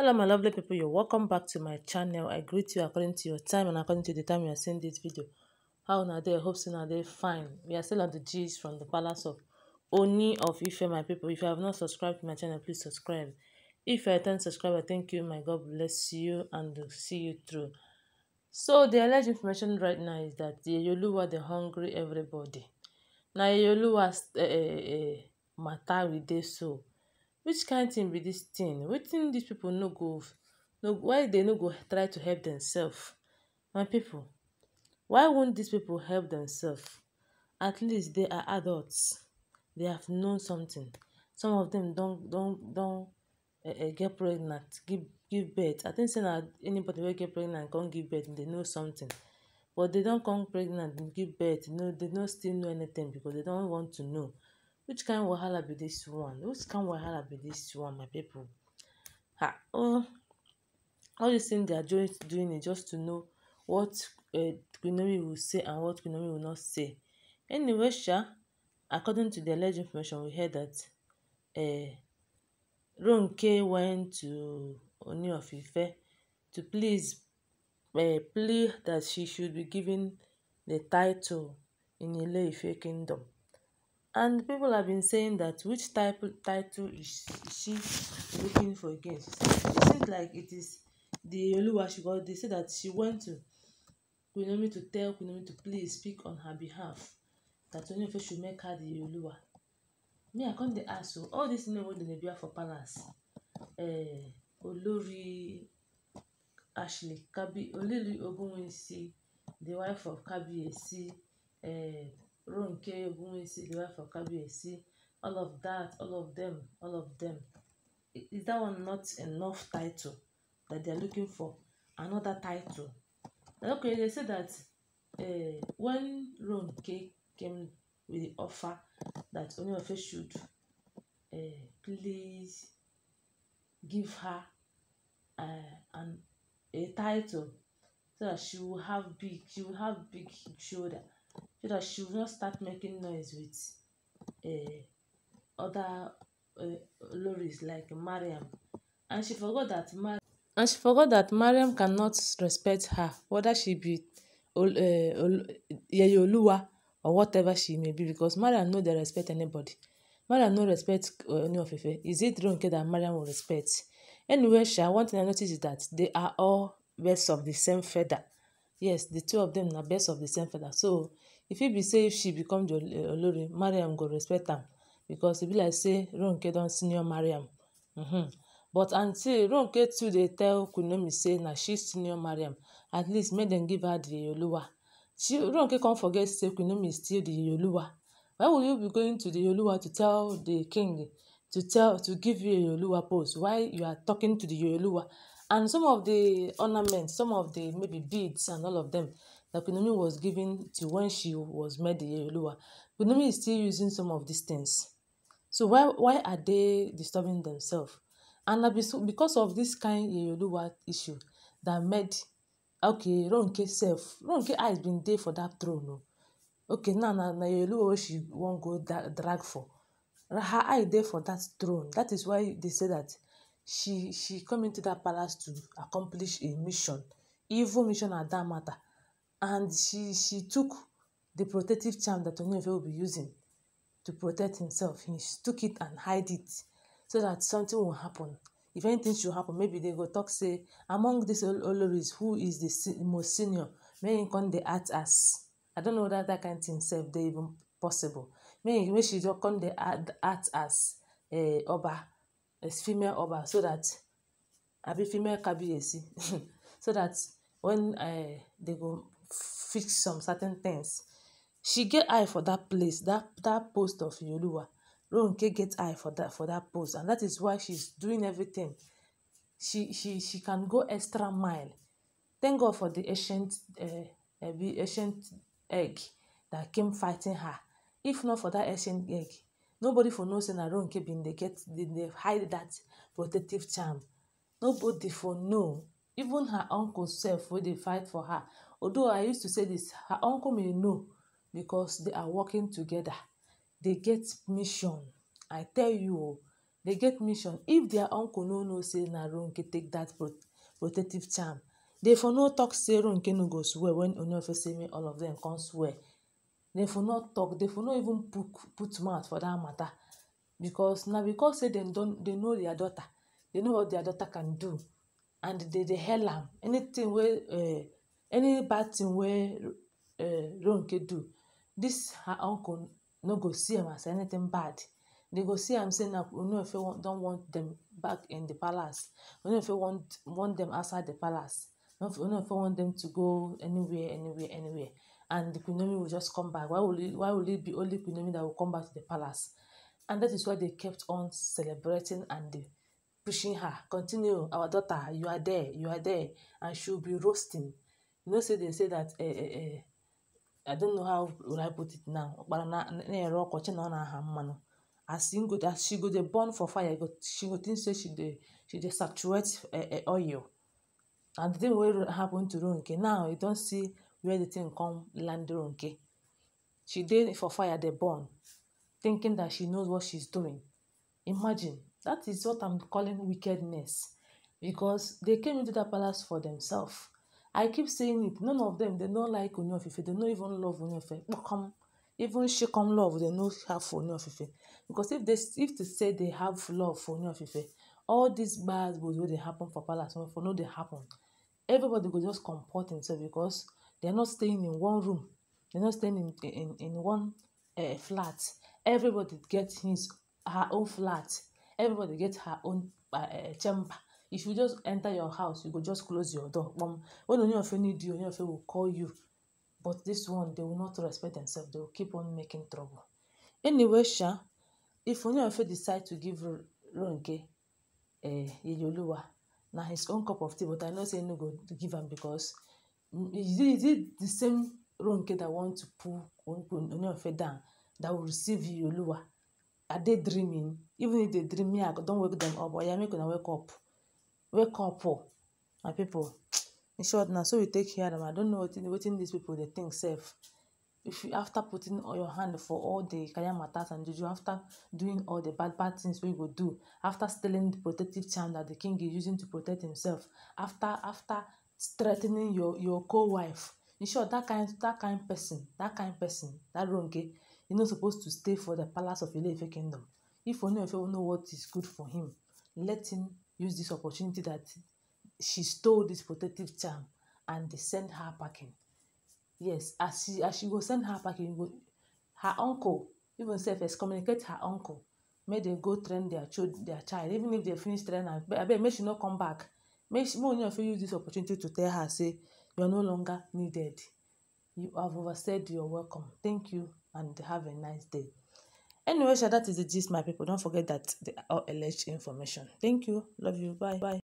hello my lovely people you're welcome back to my channel i greet you according to your time and according to the time you are seeing this video how now dey i hope say una dey fine we are still on the G's from the palace of Oni of Ife my people if you have not subscribed to my channel please subscribe if you are a subscriber thank you my god bless you and see you through so the alleged information right now is that the Yeyoluwa the hungry everybody na Yeyoluwa uh, eh, uh, eh, uh, eh, matter with this so which kain thing be this thing wetin dis people no go no why they no go try to help themselves my people why won't these people help themselves at least they are adults they have known something some of them don don don uh, get pregnant give give birth i think say na anybody wey get pregnant come give birth They know something but they don come pregnant and give birth you know they no still know anything because they don want to know Which kind wahala be this one? Which kind wahala be this one, my people? Ha! Oh, all these things they are doing, doing it just to know what uh, eh, Quinomi will say and what Quinomi will not say. Anyway, Sha, according to the alleged information, we heard that uh, Ronke went to Oni of Ife to please uh, plead that she should be given the title in Ile Ife kingdom. And people have been saying that which type title is, she looking for again? She said, like it is the she got? They said that she went to Queen Naomi to tell Queen Naomi to please speak on her behalf. That Oluwafe should make her the Oluwa. Me, I come dey ask o. Oh, all this thing wey dem dey do for palace. Eh, Olori Ashley Kabi Olori Ogunwusi, the wife of Kabi Kabiyesi. Eh, Ronke, Ogunwusi, the wife of Kabiyesi, all of that, all of them, all of them. Is that one not enough title that they are looking for? Another title. Okay, they say that uh, when Ronke came with the offer that Oniofe should uh, please give her uh, an, a title so that she will have big, she will have big shoulder so that she will not start making noise with uh, other uh, lorries like Mariam. And she forgot that Mar- and she forgot that Mariam cannot respect her, whether she be uh, eh, Yeyoluwa or whatever she may be, because Mariam no dey respect anybody. Mariam no respect uh, any of Ife. Is it wrong that Mariam will respect? Anyway, Sha, one thing I noticed is that they are all birds of the same feather yes the two of them na best of the same feather so e fit be say if she become the olori mariam go respect am because e be like say ronke don senior Mariam. am mm -hmm. but until ronke too dey tell kunomi say na she senior Mariam. at least make dem give her the oluwa she ronke come forget say kunomi still the oluwa why will you be going to the oluwa to tell the king to tell to give you oluwa post why you are talking to the oluwa And some of the ornaments, some of the maybe beads and all of them that Pinomi was given to when she was made the Yeroluwa, Pinomi is still using some of these things. So why why are they disturbing themselves? And because of this kind Yeroluwa issue that made okay Ronke self Ronke eyes been there for that throne o. Oh. Okay now na na Yeroluwa wey she wan go drag for. Her eye dey for that throne. That is why they say that she she come into that palace to accomplish a mission evil mission at that matter and she she took the protective charm that Ooni of Ife will be using to protect himself he took it and hide it so that something will happen if anything should happen maybe they go talk say among these oloris who is the most senior may him come dey act as i don't know whether that kind thing sef dey even possible may may she just come dey act as eh, oba. Uh, as female Oba so that abi female Kabiyesi so that when um they go fix some certain things. She get eye for that place that that post of Iyeoluwa. Ronke get eye for that for that post and that is why she's doing everything. She she she can go extra mile. Thank God for the ancient um um ancient egg that came fighting her. If not for that ancient egg, nobody for know say na ronke bin dey get bin dey hide dat protective charm nobody for know even her uncle sef wey dey fight for her although i used to say this her uncle may know because they are working together they get mission i tell you o they get mission if their uncle no know say na ronke take that pro protective charm they for no talk say ronke no go swear when say seyme all of them come swear dem for no talk dem for no even put put mouth for that matter because na because say dem don dem know their daughter dem know what their daughter can do and dem dey hail am anything wey uh, any bad thing wey uh, ronke do this her uncle no go see am as anything bad they go see am say na onofe don want dem back in the palace onofe want want dem outside the palace onofe want dem to go anywhere anywhere anywhere and the Queen will just come back. Why will it, why will it be only Queen that will come back to the palace? And that is why they kept on celebrating and pushing her. Continue, our daughter, you are there, you are there, and she'll be roasting. You know, say they say that. Eh, eh, eh, I don't know how will I put it now. But na na-ere ọkọchị na ọ na-aha mmanụ. As in go that she go dey burn for fire, go, she go think say she dey she dey saturate uh, uh, oil. And the thing wey happen to ruin. Ronke now, you don see where the thing come land Okay, She did for fire they burn, thinking that she knows what she's doing. Imagine that is what I'm calling wickedness, because they came into that palace for themselves. I keep saying it. None of them they don't like Onyofife. They don't even love Onyofife. Come, even she come love they don't have for Onyofife. Because if they if they say they have love for Onyofife, all these bad would they happen for palace for no they happen. Everybody could just comport themselves because They're not staying in one room. They're not staying in, in, in one uh, flat. Everybody gets his her own flat. Everybody gets her own uh, chamber. If you just enter your house, you go just close your door. Um, when Onyeofe need you, Onyeofe will call you. But this one, they will not respect themselves. They will keep on making trouble. Anyway, Sha, if Onyeofe decide to give Ronke uh, eh, Yeyoluwa, now his own cup of tea, but I know say no go give am because is it, is it the same wrong kid that want to pull Oniofe down that will receive you, Oluwa? Are they dreaming? Even if they dream, me, I don't wake them up. Oya, make una wake up. Wake up, oh, my people. In short, now, so we take care of them. I don't know wetin wetin these people they think safe. If you, after putting all your hand for all the career matters and juju, after doing all the bad bad things we go do, after stealing the protective charm that the king is using to protect himself, after after threatening your your co-wife in short that kind that kind person that kind person dat ronke He no suppose to stay for the palace of ileife kingdom if oniyanfe know what is good for him let him use this opportunity that she stole this protective charm and they send her packing yes as she as she go send her packing go her uncle even sef excommunicate her uncle make dem go train their child their child even if dem finish training, am abeg make she no come back make she, make una use this opportunity to tell her say you are no longer needed you have overstayed your welcome thank you and have a nice day anyway sha that is the gist my people don't forget that they all alleged information thank you love you bye bye